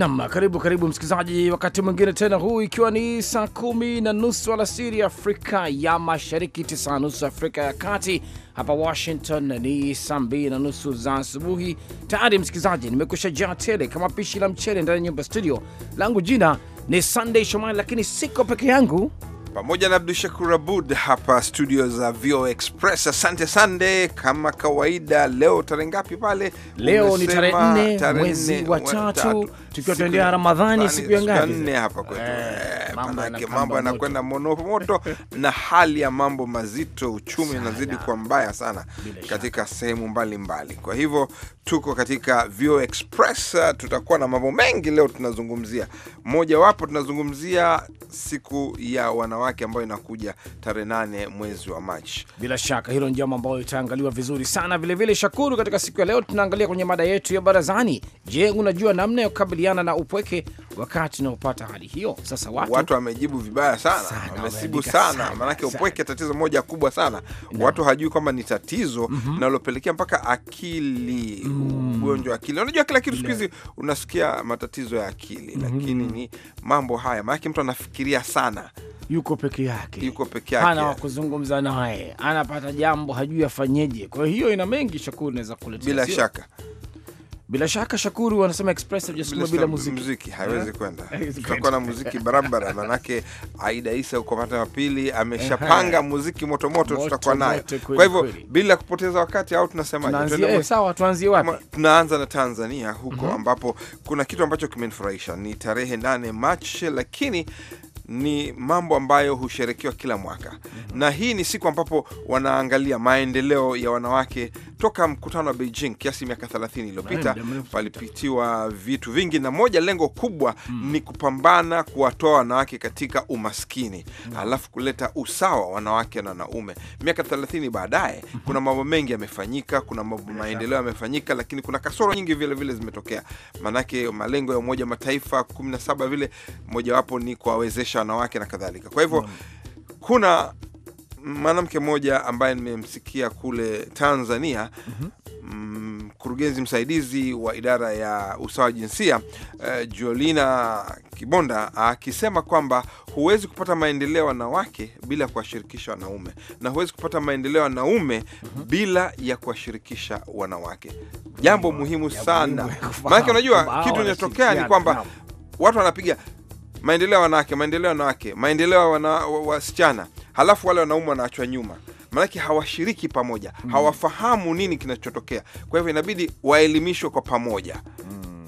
Nam, karibu karibu msikilizaji, wakati mwingine tena, huu ikiwa ni saa kumi na nusu alasiri Afrika ya Mashariki, tisa na nusu Afrika ya Kati. Hapa Washington ni saa mbili na nusu za asubuhi. Tayari msikilizaji, nimekusha jaa tele kama pishi la mchele ndani ya nyumba studio langu. Jina ni Sunday Shomari, lakini siko peke yangu pamoja na Abdu Shakur Abud hapa studio za VO Express. Asante sande, kama kawaida. Leo tarehe ngapi pale? Leo ni tarehe nne mwezi wa tatu, tukiwa tuendea Ramadhani, siku ya ngapi hapa kwetu. Manake eh, eh, mambo yanakwenda monomoto na hali ya mambo mazito, uchumi unazidi kuwa mbaya sana katika sehemu mbalimbali. Kwa hivyo tuko katika VO Express, tutakuwa na mambo mengi leo tunazungumzia. Mojawapo tunazungumzia siku ya wana wanawake ambayo inakuja tarehe nane mwezi wa Machi. Bila shaka hilo ni jambo ambayo itaangaliwa vizuri sana vilevile vile. Shakuru, katika siku ya leo tunaangalia kwenye mada yetu ya barazani. Je, unajua namna ya kukabiliana na upweke wakati unaopata hali hiyo? Sasa watu watu wamejibu vibaya sana, wamesibu sana, sana, maanake upweke tatizo moja kubwa sana na Watu hajui kwamba ni tatizo mhm. linalopelekea mm -hmm. mpaka akili mm. ugonjwa mm. akili. Unajua kila kitu siku hizi unasikia matatizo ya akili mm -hmm. lakini ni mambo haya, maanake mtu anafikiria sana yuko peke yake, yuko peke yake, hana wa kuzungumza naye, anapata jambo hajui afanyeje. Kwa hiyo ina mengi, Shakuru, naweza kuletea bila sio? shaka bila shaka Shakuru wanasema express hajasukuma bila muziki, muziki haiwezi eh? kwenda. Tutakuwa na muziki barabara, manake Aida Isa uko upande wa pili ameshapanga muziki motomoto, tutakuwa nayo. Kwa hivyo bila kupoteza wakati, au tunasema eh, sawa, tuanzie wapi? Tunaanza na Tanzania huko, mm -hmm. ambapo kuna kitu ambacho kimenifurahisha ni tarehe nane Machi, lakini ni mambo ambayo husherekewa kila mwaka, mhm. na hii ni siku ambapo wanaangalia maendeleo ya wanawake toka mkutano wa Beijing kiasi miaka 30 iliyopita, palipitiwa vitu vingi, na moja lengo kubwa mm. ni kupambana kuwatoa wanawake katika umaskini mm. alafu kuleta usawa wanawake na wanaume. Miaka 30 baadaye mm -hmm. kuna mambo mengi yamefanyika, kuna mambo maendeleo yamefanyika, lakini kuna kasoro nyingi vile vile zimetokea, maanake malengo ya Umoja Mataifa 17 vile mojawapo ni kuwawezesha wanawake na kadhalika. Kwa hivyo mm. kuna mwanamke mmoja ambaye nimemsikia kule Tanzania mm -hmm. Mkurugenzi msaidizi wa idara ya usawa wa jinsia uh, Jolina Kibonda akisema uh, kwamba huwezi kupata maendeleo wanawake bila kuwashirikisha wanaume na huwezi kupata maendeleo wanaume bila ya kuwashirikisha wanawake, jambo muhimu sana. Maanake unajua kitu kinachotokea ni kwamba watu wanapiga maendeleo ya wanawake, maendeleo ya wanawake, maendeleo ya wana, wasichana, halafu wale wanaume wanaachwa nyuma maanake hawashiriki pamoja mm. hawafahamu nini kinachotokea. Kwa hivyo inabidi waelimishwe kwa pamoja mm.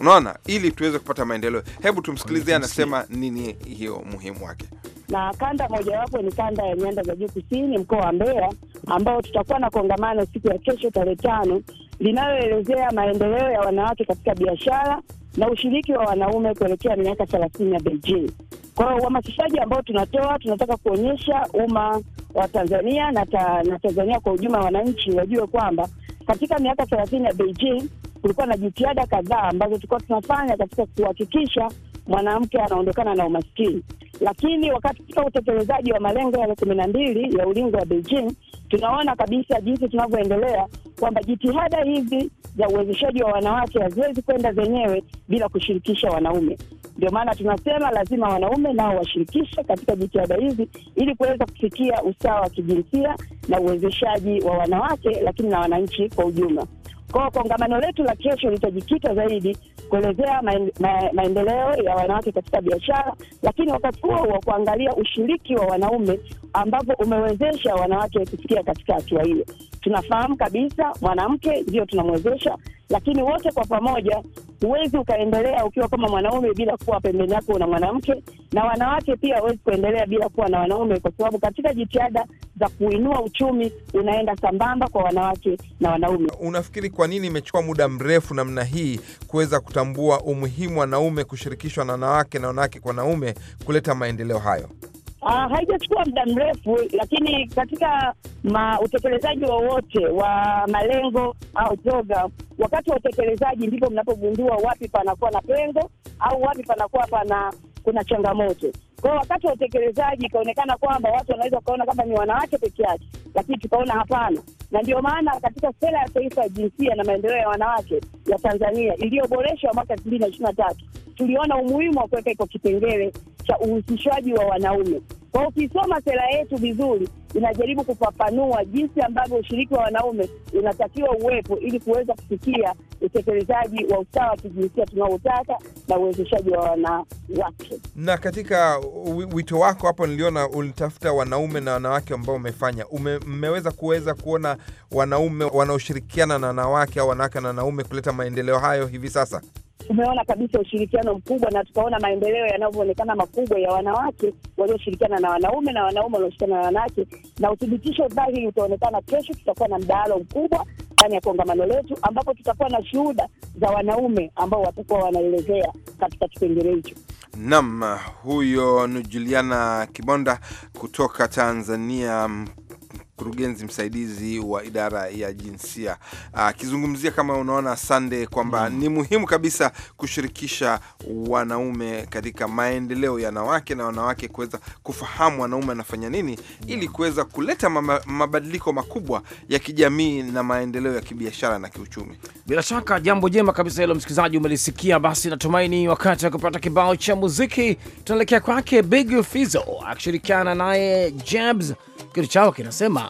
unaona, ili tuweze kupata maendeleo. Hebu tumsikilize anasema nini hiyo muhimu wake. Na kanda mojawapo ni kanda ya nyanda za juu kusini, mkoa wa Mbeya, ambao tutakuwa na kongamano siku ya kesho tarehe tano linaloelezea maendeleo ya wanawake katika biashara na ushiriki wa wanaume kuelekea miaka thelathini ya Beijing. Kwa hiyo uhamasishaji ambao tunatoa, tunataka kuonyesha umma wa Tanzania na, ta, na Tanzania kwa ujumla, wananchi wajue kwamba katika miaka thelathini ya Beijing kulikuwa na jitihada kadhaa ambazo tulikuwa tunafanya katika kuhakikisha mwanamke anaondokana na umaskini. Lakini wakati katika utekelezaji wa malengo yale kumi na mbili ya ulingo wa Beijing, tunaona kabisa jinsi tunavyoendelea kwamba jitihada hizi za uwezeshaji wa wanawake haziwezi kwenda zenyewe bila kushirikisha wanaume. Ndio maana tunasema lazima wanaume nao washirikishe katika jitihada hizi ili kuweza kufikia usawa wa kijinsia na uwezeshaji wa wanawake, lakini na wananchi kwa ujumla kwao. kongamano letu la kesho litajikita zaidi kuelezea maendeleo ya wanawake katika biashara, lakini wakati huo wa kuangalia ushiriki wa wanaume ambavyo umewezesha wanawake kufikia katika hatua hiyo. Tunafahamu kabisa mwanamke ndio tunamwezesha, lakini wote kwa pamoja, huwezi ukaendelea ukiwa kama mwanaume bila kuwa pembeni yako na mwanamke, na wanawake pia hawezi kuendelea bila kuwa na wanaume, kwa sababu katika jitihada za kuinua uchumi unaenda sambamba kwa wanawake na wanaume. Unafikiri kwa nini imechukua muda mrefu namna hii kuweza kutambua umuhimu wanaume kushirikishwa na wanawake na wanawake kwa wanaume kuleta maendeleo hayo? Uh, haijachukua muda mrefu, lakini katika utekelezaji wowote wa, wa malengo au toga wakati wa utekelezaji ndipo mnapogundua wapi panakuwa na pengo au wapi panakuwa pana kuna changamoto kwao. wakati wa utekelezaji ikaonekana kwamba watu wanaweza kuona kama ni wanawake peke yake, lakini tukaona hapana, na ndio maana katika sera ya taifa ya jinsia na maendeleo ya wanawake ya Tanzania iliyoboreshwa mwaka elfu mbili na ishirini na tatu tuliona umuhimu wa kuweka iko kipengele cha uhusishwaji wa wanaume. Kwa ukisoma sera yetu vizuri, inajaribu kufafanua jinsi ambavyo ushiriki wa wanaume unatakiwa uwepo ili kuweza kufikia utekelezaji wa usawa wa kijinsia tunaotaka na uwezeshaji wa wanawake. Na katika wito wako hapo niliona ulitafuta wanaume na wanawake ambao umefanya ume, mmeweza kuweza kuona wanaume wanaoshirikiana na wanawake au wanawake na wanaume kuleta maendeleo hayo hivi sasa? Tumeona kabisa ushirikiano mkubwa na tukaona maendeleo yanavyoonekana makubwa ya wanawake walioshirikiana na wanaume na wanaume walioshirikiana na wanawake, na uthibitisho dhahiri utaonekana kesho. Tutakuwa na mdahalo mkubwa ndani ya kongamano letu, ambapo tutakuwa na shuhuda za wanaume ambao watakuwa wanaelezea katika kipengele hicho. Nam, huyo ni Juliana Kibonda kutoka Tanzania, mkurugenzi msaidizi wa idara ya jinsia, ah, akizungumzia kama unaona Sande kwamba mm, ni muhimu kabisa kushirikisha wanaume katika maendeleo ya wanawake na wanawake kuweza kufahamu wanaume anafanya nini, yeah, mm. ili kuweza kuleta mabadiliko makubwa ya kijamii na maendeleo ya kibiashara na kiuchumi. Bila shaka jambo jema kabisa hilo, msikilizaji, umelisikia. Basi natumaini wakati wa kupata kibao cha muziki, tunaelekea kwake Big Fizzo akishirikiana naye Jabs, kitu chao kinasema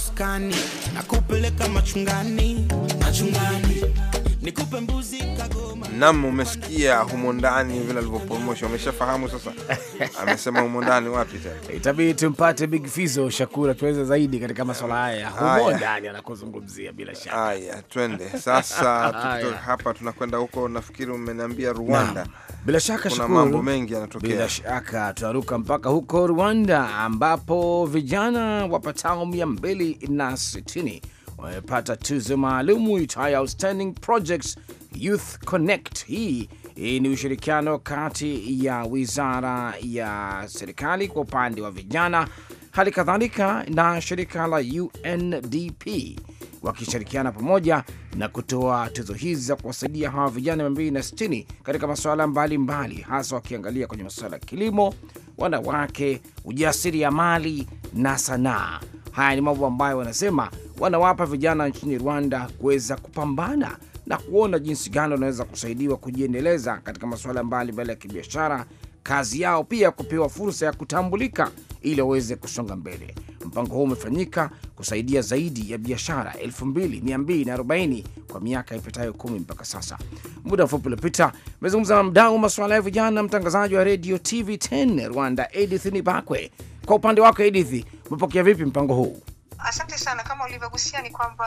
uskani, nakupeleka machungani, machungani, nikupe mbuzi Nam, umesikia humo ndani vile alivyopromosha, umeshafahamu sasa. Amesema humo ndani wapi tena, itabidi tumpate Big Fizo Shakura tuweze zaidi katika masuala haya humo ndani anakuzungumzia. Bila shaka, haya twende sasa tukutoka hapa tunakwenda huko, nafikiri umeniambia Rwanda na. Bila shaka kuna shukuru, mambo mengi yanatokea. Bila shaka tunaruka mpaka huko Rwanda ambapo vijana wapatao mia mbili na sitini wamepata tuzo maalumu itayo Outstanding Projects Youth Connect. Hii hii ni ushirikiano kati ya wizara ya serikali kwa upande wa vijana, hali kadhalika na shirika la UNDP wakishirikiana pamoja na kutoa tuzo hizi za kuwasaidia hawa vijana mia mbili na sitini katika masuala mbalimbali, hasa wakiangalia kwenye masuala ya kilimo, wanawake, mali na sanaa. Haya ni mambo ambayo wanasema wanawapa vijana nchini Rwanda kuweza kupambana na kuona jinsi gani wanaweza kusaidiwa kujiendeleza katika masuala mbalimbali ya kibiashara, kazi yao pia kupewa fursa ya kutambulika ili waweze kusonga mbele. Mpango huu umefanyika kusaidia zaidi ya biashara 2240 kwa miaka ipitayo kumi mpaka sasa. Muda mfupi uliopita amezungumza na mdau masuala ya vijana mtangazaji wa redio TV10 Rwanda, Edith Nibakwe. Kwa upande wako Edith, umepokea vipi mpango huu? Asante sana. Kama ulivyogusia ni kwamba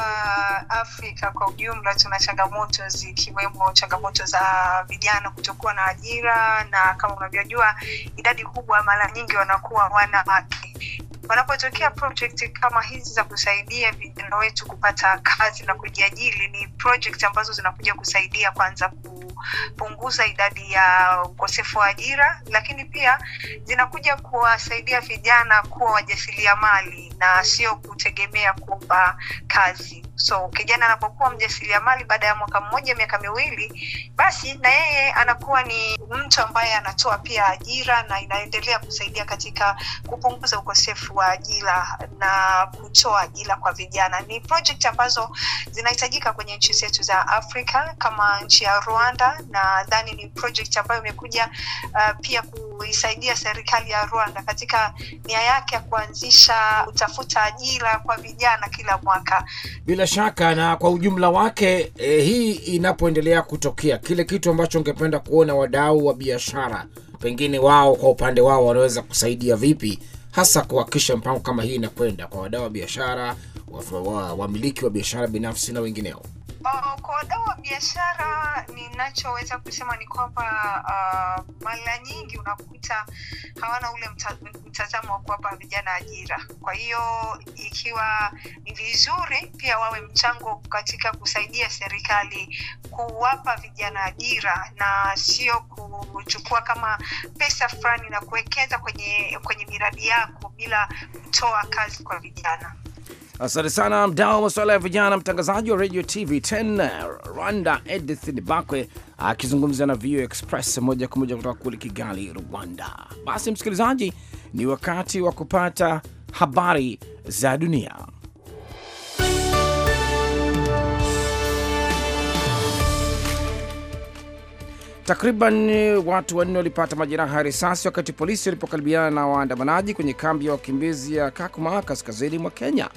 Afrika kwa ujumla tuna changamoto zikiwemo changamoto za vijana kutokuwa na ajira, na kama unavyojua idadi kubwa mara nyingi wanakuwa wanawake wanapotokea kama hizi za kusaidia vijana wetu kupata kazi na kujiajili ni ambazo zinakuja kusaidia kwanza kupunguza idadi ya ukosefu wa ajira, lakini pia zinakuja kuwasaidia vijana kuwa wajasilia mali na sio kutegemea kuomba kazi. So kijana anapokuwa mjasiriamali baada ya mwaka mmoja, miaka miwili, basi na yeye anakuwa ni mtu ambaye anatoa pia ajira na inaendelea kusaidia katika kupunguza ukosefu wa ajira na kutoa ajira kwa vijana. Ni project ambazo zinahitajika kwenye nchi zetu za Afrika kama nchi ya Rwanda, na dhani ni project ambayo imekuja uh, pia ku kuisaidia serikali ya Rwanda katika nia yake ya kuanzisha kutafuta ajira kwa vijana kila mwaka. Bila shaka na kwa ujumla wake eh, hii inapoendelea kutokea, kile kitu ambacho ungependa kuona wadau wa biashara pengine wao kwa upande wao wanaweza kusaidia vipi, hasa kuhakikisha mpango kama hii inakwenda kwa wadau wa biashara, wamiliki wa, wa, wa biashara binafsi na wengineo? Uh, kwa wadau wa biashara ninachoweza kusema ni kwamba uh, mara nyingi unakuta hawana ule mtazamo wa kuwapa vijana ajira. Kwa hiyo ikiwa ni vizuri pia wawe mchango katika kusaidia serikali kuwapa vijana ajira na sio kuchukua kama pesa fulani na kuwekeza kwenye kwenye miradi yako bila kutoa kazi kwa vijana. Asante sana mdao masuala ya vijana, mtangazaji wa radio TV 10 Rwanda Edith Nibakwe akizungumza na VOA Express moja kwa moja kutoka kule Kigali, Rwanda. Basi msikilizaji, ni wakati wa kupata habari za dunia. Takriban eh, watu wanne walipata majeraha ya risasi wakati polisi walipokaribiana na waandamanaji kwenye kambi ya wakimbizi ya Kakuma kaskazini mwa Kenya.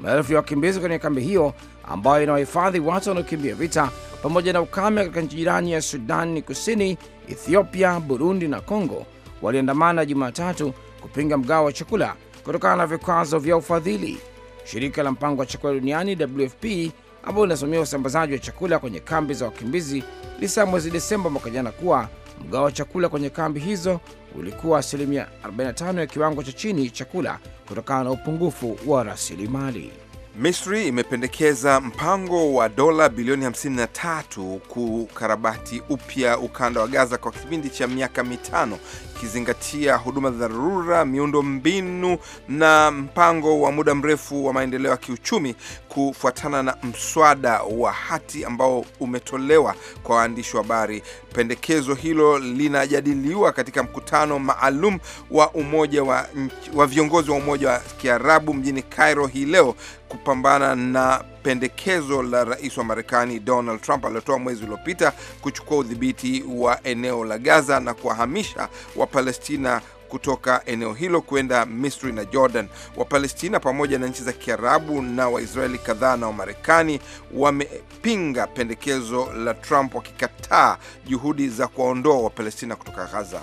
Maelfu ya wakimbizi kwenye kambi hiyo ambayo inawahifadhi watu wanaokimbia vita pamoja na ukame katika nchi jirani ya Sudani Kusini, Ethiopia, Burundi na Kongo waliandamana Jumatatu kupinga mgao wa chakula kutokana na vikwazo vya ufadhili. Shirika la mpango wa chakula duniani WFP ambao linasimamia usambazaji wa chakula kwenye kambi za wakimbizi lisaa mwezi Desemba mwaka jana kuwa mgao wa chakula kwenye kambi hizo ulikuwa asilimia 45 ya kiwango cha chini chakula kutokana na upungufu wa rasilimali. Misri imependekeza mpango wa dola bilioni 53 kukarabati upya ukanda wa Gaza kwa kipindi cha miaka mitano ikizingatia huduma za dharura, miundo mbinu na mpango wa muda mrefu wa maendeleo ya kiuchumi, kufuatana na mswada wa hati ambao umetolewa kwa waandishi wa habari. Pendekezo hilo linajadiliwa katika mkutano maalum wa umoja wa, wa viongozi wa Umoja wa Kiarabu mjini Cairo hii leo kupambana na pendekezo la rais wa Marekani Donald Trump aliotoa mwezi uliopita kuchukua udhibiti wa eneo la Gaza na kuwahamisha Wapalestina kutoka eneo hilo kwenda Misri na Jordan. Wapalestina pamoja na nchi za Kiarabu na Waisraeli kadhaa na Wamarekani wamepinga pendekezo la Trump wakikataa juhudi za kuwaondoa Wapalestina kutoka Gaza.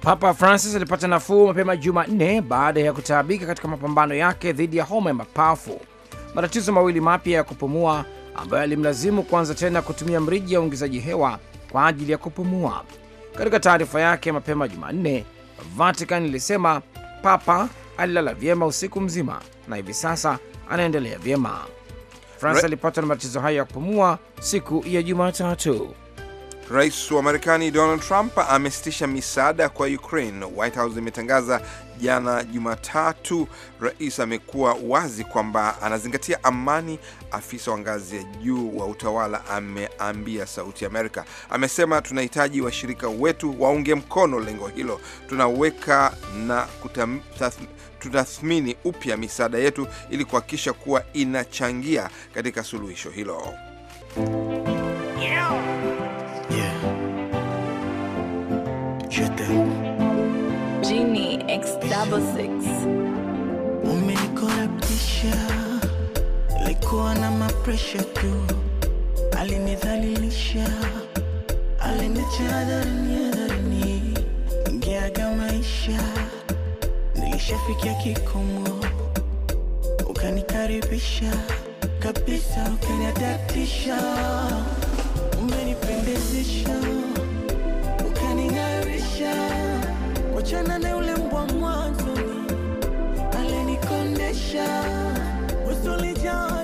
Papa Francis alipata nafuu mapema Jumanne baada ya kutaabika katika mapambano yake dhidi ya homa ya mapafu matatizo mawili mapya ya kupumua ambayo alimlazimu kuanza tena kutumia mriji ya uingizaji hewa kwa ajili ya kupumua. Katika taarifa yake mapema Jumanne, Vatican ilisema Papa alilala vyema usiku mzima na hivi sasa anaendelea vyema. France alipatwa na matatizo hayo ya kupumua siku ya Jumatatu. Rais wa Marekani Donald Trump amesitisha misaada kwa Ukraine, White House imetangaza jana Jumatatu. Rais amekuwa wazi kwamba anazingatia amani, afisa wa ngazi ya juu wa utawala ameambia Sauti Amerika. Amesema tunahitaji washirika wetu waunge mkono lengo hilo, tunaweka na kutam, tath, tutathmini upya misaada yetu ili kuhakikisha kuwa inachangia katika suluhisho hilo. number six. Umenikorabisha, likuwa na mapresha tu, alinidhalilisha, alinitia dharini dharini, ngeaga maisha, nilishafikia kikomo, ukanikaribisha kabisa, ukaniadaptisha umenipendezisha ukaningarisha, wachana na religion, what's religion?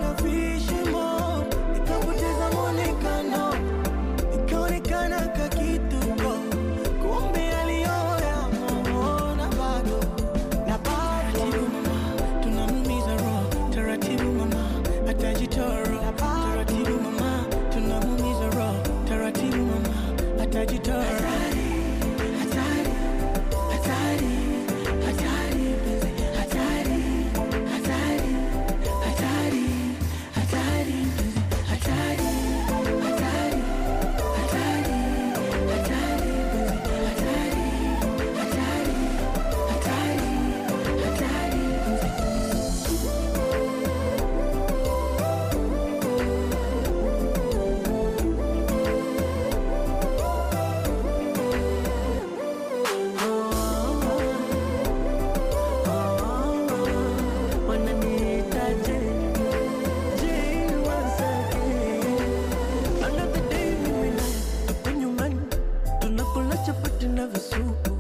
chapati na visupu,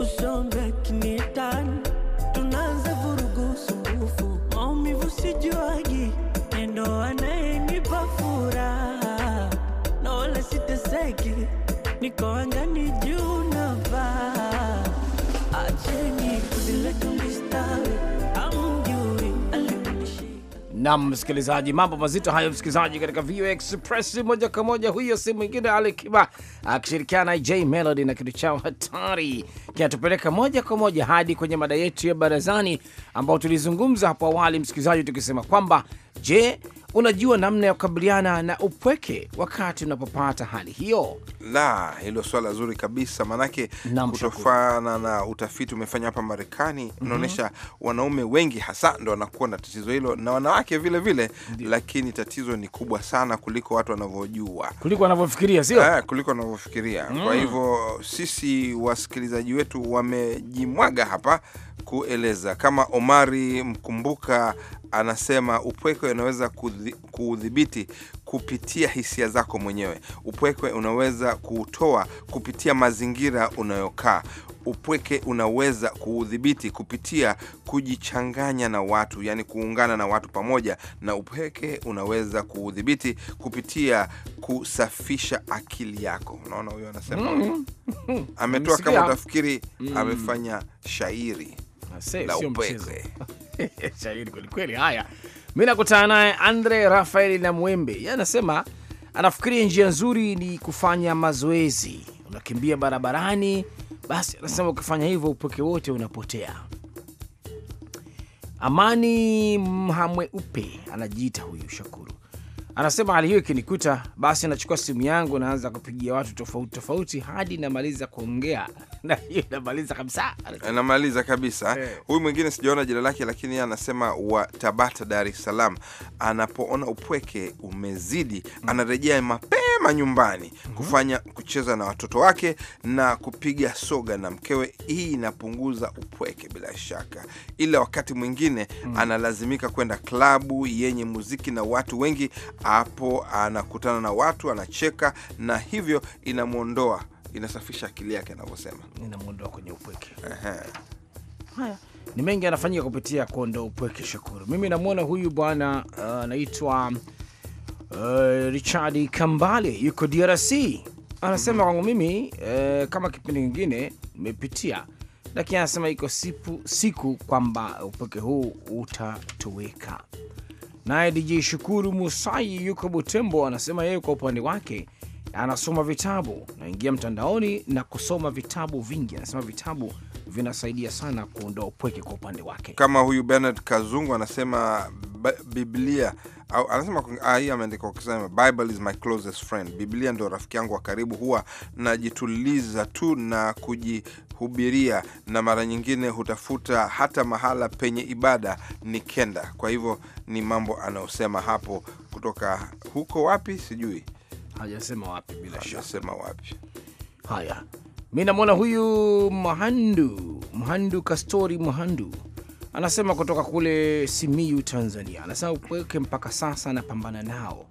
usome kinitani, tunaanza vurugu sumbufu, maumivu sijuagi, neno anayenipa furaha, na wala siteseki, nikoanga ni juu Nam msikilizaji, mambo mazito hayo msikilizaji, katika VOA Express moja kwa moja. Huyo si mwingine Ali Kiba akishirikiana na J Melody na kitu chao hatari, kinatupeleka moja kwa moja hadi kwenye mada yetu ya barazani, ambao tulizungumza hapo awali, msikilizaji, tukisema kwamba je, unajua namna ya kukabiliana na upweke wakati unapopata hali hiyo? La, hilo swala zuri kabisa, maanake kutofana na utafiti umefanya hapa Marekani mhm. unaonyesha mm -hmm. wanaume wengi hasa ndo wanakuwa na tatizo hilo na wanawake vile vile lakini tatizo ni kubwa sana kuliko watu wanavyojua, kuliko wanavyofikiria, sio eh, kuliko wanavyofikiria mm. Kwa hivyo sisi wasikilizaji wetu wamejimwaga hapa kueleza, kama Omari Mkumbuka anasema upweke unaweza ku kuudhibiti kupitia hisia zako mwenyewe. Upweke unaweza kuutoa kupitia mazingira unayokaa. Upweke unaweza kuudhibiti kupitia kujichanganya na watu, yani kuungana na watu pamoja, na upweke unaweza kuudhibiti kupitia kusafisha akili yako. Unaona, huyo anasema mm-hmm. ametoa, kama utafikiri mm. amefanya shairi Ah, la upekwe shairi kwelikweli. Haya, mi nakutana naye Andre Rafael na Mwembe, yeye anasema anafikiria njia nzuri ni kufanya mazoezi, unakimbia barabarani. Basi anasema ukifanya hivyo upweke wote unapotea. Amani Mhamweupe anajiita huyu Shakuru, anasema hali hiyo ikinikuta, basi nachukua simu yangu naanza kupigia watu tofauti tofauti hadi namaliza kuongea inamaliza kabisa, anamaliza kabisa. Eh. Huyu mwingine sijaona jina lake, lakini anasema wa Tabata, Dar es Salaam, anapoona upweke umezidi mm. anarejea mapema nyumbani mm-hmm. kufanya kucheza na watoto wake na kupiga soga na mkewe. Hii inapunguza upweke bila shaka, ila wakati mwingine mm. analazimika kwenda klabu yenye muziki na watu wengi, hapo anakutana na watu, anacheka na hivyo inamwondoa inasafisha akili yake anavyosema, inamwondoa kwenye upweke. Haya, ni mengi anafanyika kupitia kuondoa upweke. Shukuru, mimi namwona huyu bwana uh, anaitwa uh, uh, Richard Kambale yuko DRC anasema mm. -hmm. mimi uh, kama kipindi kingine nimepitia lakini anasema iko siku, siku kwamba upweke huu utatoweka. Naye DJ Shukuru Musai yuko Butembo anasema yeye kwa upande wake anasoma vitabu, naingia mtandaoni na kusoma vitabu vingi. Anasema vitabu vinasaidia sana kuondoa upweke kwa upande wake, kama huyu Bernard Kazungu anasema Biblia au anasema ah, hii ameandika ukisema, Bible is my closest friend, Biblia ndio rafiki yangu wa karibu, huwa najituliza tu na kujihubiria, na mara nyingine hutafuta hata mahala penye ibada nikenda. Kwa hivyo ni mambo anayosema hapo, kutoka huko wapi sijui hajasema wapi, bila shaka hajasema wapi. Haya, mi namwona huyu Mhandu Mhandu Kastori Mhandu anasema kutoka kule Simiyu, Tanzania, anasema upweke mpaka sasa anapambana nao,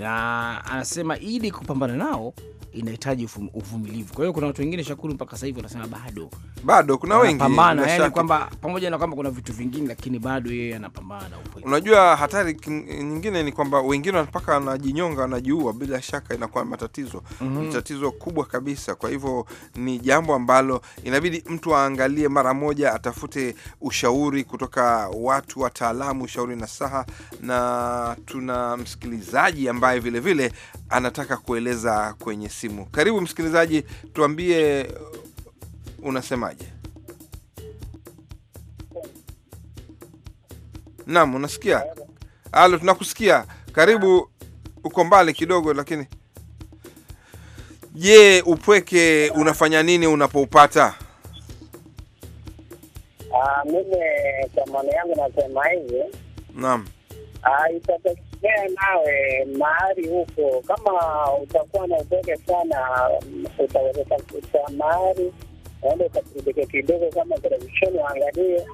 na anasema ili kupambana nao inahitaji uvumilivu. Kwa hiyo kuna watu wengine, Shakuru, mpaka sasa hivi wanasema bado bado, kuna wengi pambana, yani kwamba pamoja na kwamba kuna vitu vingine, lakini bado yeye anapambana. Unajua, hatari nyingine ni kwamba wengine mpaka wanajinyonga wanajiua bila shaka inakuwa matatizo mm -hmm. tatizo kubwa kabisa. Kwa hivyo ni jambo ambalo inabidi mtu aangalie mara moja, atafute ushauri kutoka watu wataalamu, ushauri na saha. Na tuna msikilizaji ambaye vilevile vile anataka kueleza kwenye simu. Karibu msikilizaji, tuambie uh, unasemaje. Naam, unasikia? Halo, tunakusikia. Karibu, uko mbali kidogo lakini. Je, upweke unafanya nini unapoupata? Ah, mimi kwa maana yangu nasema hivi, naam, ah, inategemea nawe mahali huko. Kama utakuwa na upeke sana, utaweza tafuta mahali uende ukapumzike kidogo, kama televisheni waangalie,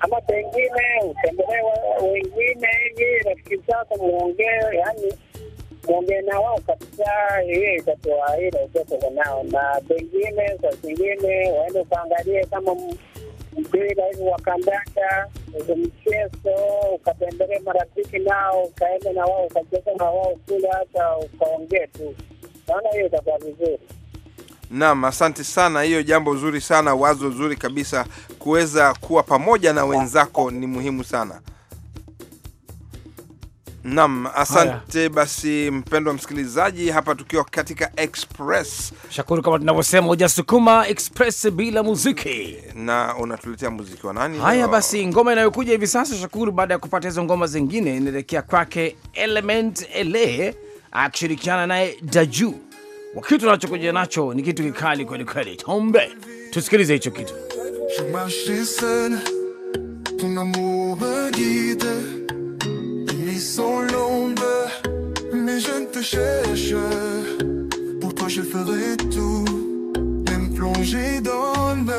ama pengine utembelee wengine hivi rafiki zako, mwongee, yani mwongee na wao kabisa. Hiyo itatoa ile upeke nao, na pengine saa zingine waende ukaangalie kama mpira hivi wa kandanda, mchezo ukatembelea marafiki nao, ukaenda na wao ukacheza na wao kule, hata ukaongea tu, naona hiyo itakuwa vizuri. Naam, asante sana. Hiyo jambo zuri sana, wazo zuri kabisa. Kuweza kuwa pamoja na wenzako ni muhimu sana. Naam, asante Haya. Basi mpendwa msikilizaji, hapa tukiwa katika Express Shakuru, kama tunavyosema hujasukuma Express bila muziki, na unatuletea muziki wa nani? Haya basi, ngoma inayokuja hivi sasa Shakuru, baada ya kupata hizo ngoma zingine, inaelekea kwake Element Ele akishirikiana naye Daju. Kitu anachokuja nacho ni kitu kikali kweli kweli, tombe tusikilize hicho kitu Sans l'ombre, mais je ne te cherche. Pour toi, je ferai tout, même plonger dans le mer.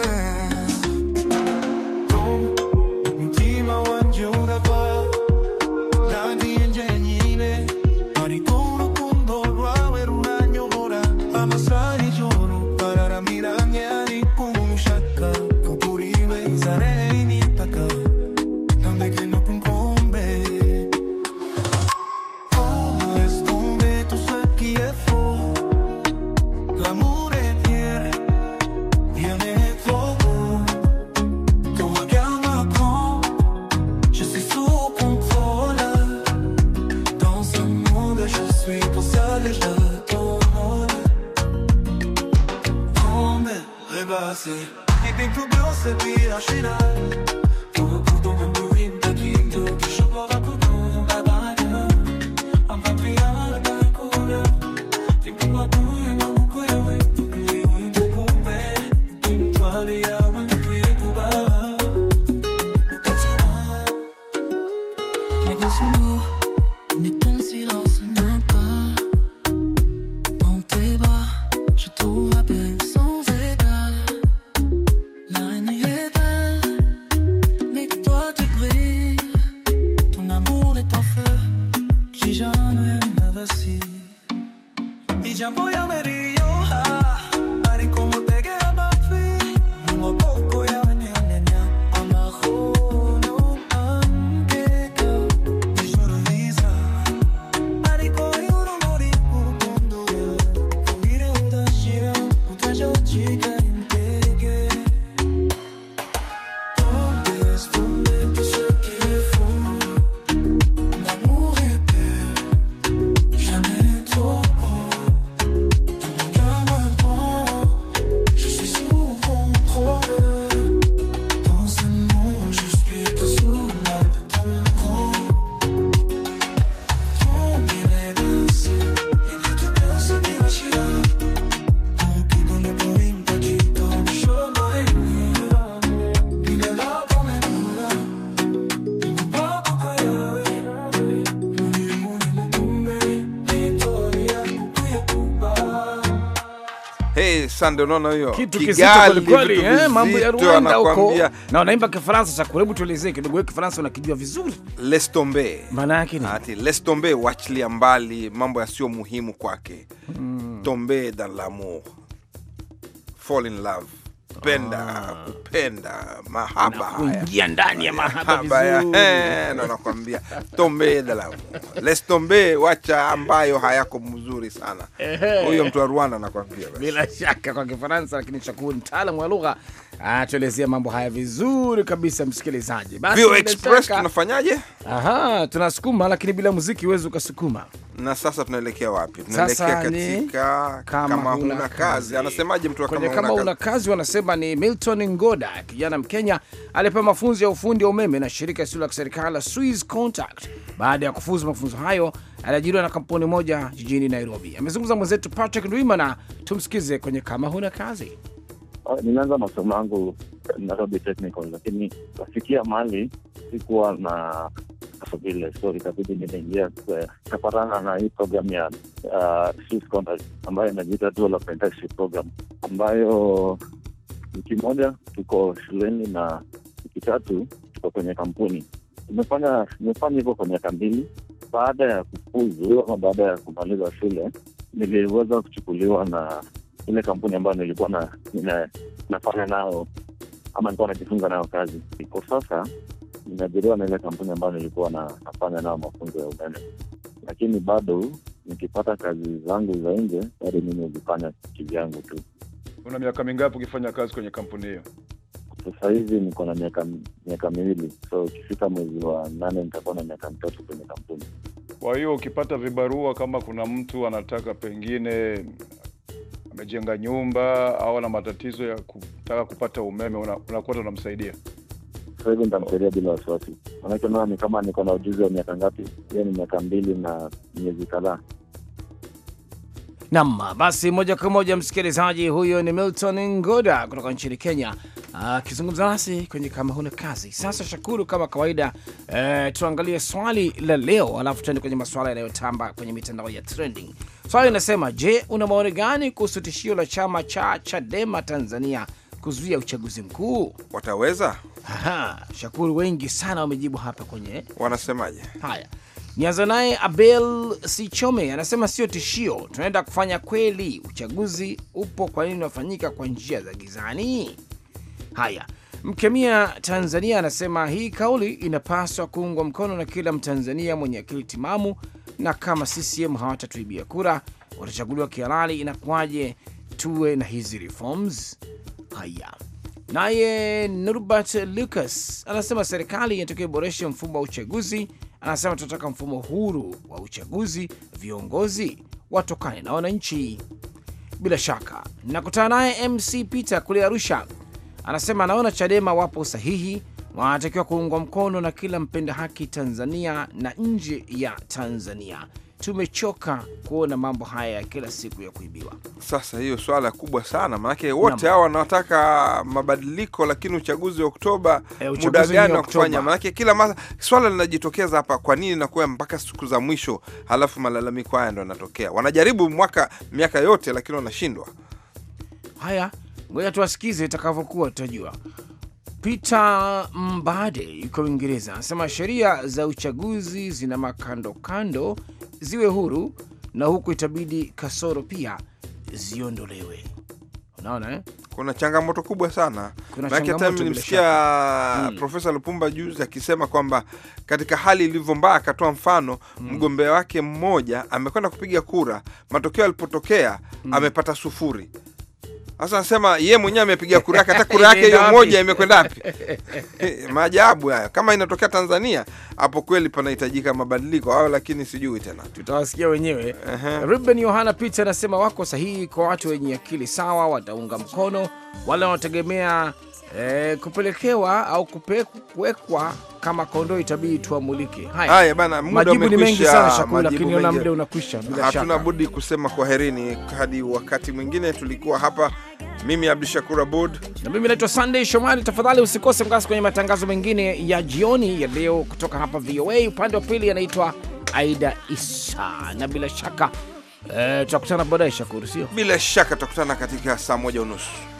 Hey, sande, unaona hiyo kitu kizito kwelikweli eh, mambo ya Rwanda huko, na wanaimba Kifaransa chako. Hebu tuelezee kidogo, Kifaransa unakijua vizuri? Les tomber maana yake ni ati les tomber, wachilia mbali mambo yasiyo muhimu kwake. Mm. tomber dans l'amour, fall in love kupenda ah, kupenda mahaba kuingia ndani ya mahaba vizuri, na nakwambia tombe dalamu les tombe, wacha ambayo hayako mzuri sana. Huyo mtu wa Rwanda nakwambia, bila shaka kwa Kifaransa, lakini Shakuru mtaalamu wa lugha atuelezea mambo haya vizuri kabisa, msikilizaji. Basi Express tunafanyaje? Aha, tunasukuma, lakini bila muziki huwezi ukasukuma. Na sasa tunaelekea wapi? Tunaelekea katika kama, kama huna kazi, kazi. Anasemaje mtu kama, kama una kazi? Wanasema ni Milton Ngoda, kijana Mkenya alipewa mafunzo ya ufundi wa umeme na shirika lisilo la kiserikali la Swiss Contact. Baada ya kufuzu mafunzo hayo aliajiriwa na kampuni moja jijini Nairobi. Amezungumza mwenzetu Patrick Ndwimana, tumsikize kwenye kama huna kazi. Ah, nilianza masomo yangu Nairobi Technical, lakini kafikia mali sikuwa na so vile so ikabidi ninaingia eh, kaparana na hii program ya uh, ambayo inajiita Dual Apprenticeship Program ambayo wiki moja tuko shuleni na wiki tatu tuko kwenye kampuni. imefanya nimefanya hivyo kwa miaka mbili. Baada ya kufuzu ama baada ya kumaliza shule, niliweza kuchukuliwa na ile kampuni ambayo nilikuwa na, na, nafanya nao ama nilikuwa najifunza nayo kazi. Kwa sasa nimeajiriwa na ile kampuni ambayo nilikuwa na, nafanya nao mafunzo ya umeme, lakini bado nikipata kazi zangu za nje bado mimi hujifanya kivyangu tu. Una miaka mingapi ukifanya kazi kwenye kampuni hiyo? Sasa hivi niko na miaka miaka miwili, so ukifika mwezi wa nane nitakuwa na miaka mitatu kwenye kampuni. Kwa hiyo ukipata vibarua, kama kuna mtu anataka pengine umejenga nyumba au na matatizo ya kutaka kupata umeme, unakuta unamsaidia? sahivi hivi nitamsaidia bila wasiwasi, manake naona ni kama niko na ujuzi wa miaka ngapi, hiyo ni miaka mbili na miezi kadhaa. Nam, basi moja kwa moja msikilizaji, huyo ni Milton Ngoda kutoka nchini Kenya akizungumza nasi kwenye kama huna kazi. Sasa Shakuru, kama kawaida, e, tuangalie swali la leo, alafu tuende kwenye masuala yanayotamba kwenye mitandao ya trending. Swali linasema je, una maoni gani kuhusu tishio la chama cha Chadema Tanzania kuzuia uchaguzi mkuu? Wataweza? Aha, shakuru wengi sana wamejibu hapa kwenye wanasemaje. Haya, nianza naye Abel Sichome anasema sio tishio, tunaenda kufanya kweli. Uchaguzi upo, kwa nini unafanyika kwa njia za gizani? Haya, Mkemia Tanzania anasema hii kauli inapaswa kuungwa mkono na kila Mtanzania mwenye akili timamu na kama CCM hawatatuibia kura, watachaguliwa kihalali, inakuwaje tuwe na hizi reforms? Haya, naye Norbert Lucas anasema serikali inatakiwa iboreshe mfumo wa uchaguzi. Anasema tunataka mfumo huru wa uchaguzi, viongozi watokane na wananchi. Bila shaka nakutana naye MC Peter kule Arusha, anasema anaona Chadema wapo sahihi wanatakiwa kuungwa mkono na kila mpenda haki Tanzania na nje ya Tanzania. Tumechoka kuona mambo haya ya kila siku ya kuibiwa. Sasa hiyo swala kubwa sana, maanake wote hawa wanataka mabadiliko, lakini uchaguzi wa Oktoba e, muda gani wa kufanya? Maanake kila mara swala linajitokeza hapa, kwa nini nakuwa mpaka siku za mwisho, halafu malalamiko haya ndo yanatokea? Wanajaribu mwaka miaka yote, lakini wanashindwa. Haya, ngoja tuwasikize itakavyokuwa, tutajua. Peter Mbade yuko Uingereza anasema sheria za uchaguzi zina makando kando ziwe huru na huku itabidi kasoro pia ziondolewe. Unaona eh? Kuna changamoto kubwa sana maanake, hmm, Profesa Lupumba juzi hmm. akisema kwamba katika hali ilivyo mbaya, akatoa mfano hmm, mgombea wake mmoja amekwenda kupiga kura, matokeo yalipotokea hmm, amepata sufuri sasa anasema yeye mwenyewe amepiga kura yake, hata kura yake hiyo moja imekwenda wapi? Maajabu hayo. Kama inatokea Tanzania, hapo kweli panahitajika mabadiliko hayo, lakini sijui tena, tutawasikia wenyewe. uh -huh. Ruben Yohana Peter anasema wako sahihi kwa watu wenye akili sawa, wataunga mkono wala wanategemea E, kupelekewa au kuwekwa kama kondoo itabidi tuamulike. Haya bana, muda umekwisha. Majibu ni mengi sana Shakula, lakini naona muda unakwisha bila shaka. Hatuna budi kusema kwaherini hadi wakati mwingine. Tulikuwa hapa mimi Abdushakur Abud na mimi naitwa Sunday Shomari. Tafadhali usikose mkasi kwenye matangazo mengine ya jioni ya leo kutoka hapa VOA. Upande wa pili anaitwa Aida Isa na bila shaka e, tutakutana baadaye Shakuru, sio? Bila shaka tutakutana katika saa moja unusu.